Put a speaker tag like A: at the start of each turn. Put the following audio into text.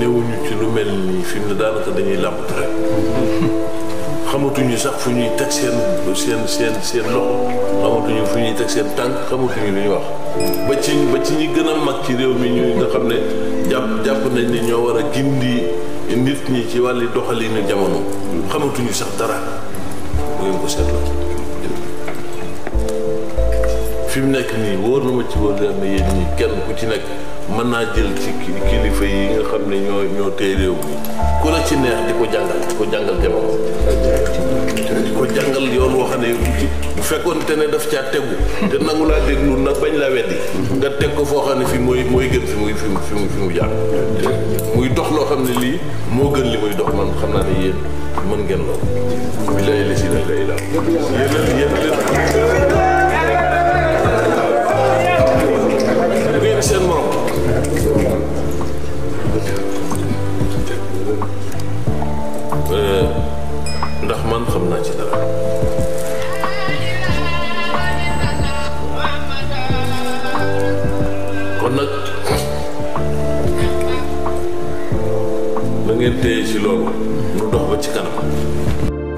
A: newuñu ci lu mel nii fim mu daanaka dañuy làmb rek xamatuñu sax fu ñuy teg seen seen seen seen loxo xamatuñu fu ñuy teg seen tànk xamatuñu lu ñuy wax ba ci ba ci ñi gën a mag ci réew mi ñu nga xam ne jàpp jàpp nañ ni ñoo war a gindi nit ñi ci wàlli doxalinu jamono xamatuñu sax dara bu ngeen ko seetloo fi mu nekk nii wóor na ma ci wóor na ñi kenn ku ci nekk mën naa jël ci kilifa yi nga xam ne ñoo ñoo tey réew mi ku la ci neex di ko jàngal di ko jàngal jamono di ko jàngal yoon woo xam ne bu fekkoon te ne daf caa tegu te nangu laa déglu na bañ la weddi nga teg ko foo xam ne fi mooy mooy gën fi muy fi mu fi mu fi mu jàng muy dox loo xam ne lii moo gën li muy dox man xam naa ne yéen mën ngeen loolu bi lay la
B: man xam naa ci dara. kon nag na ngeen
C: téye ci loolu. mu dox ba ci kanam.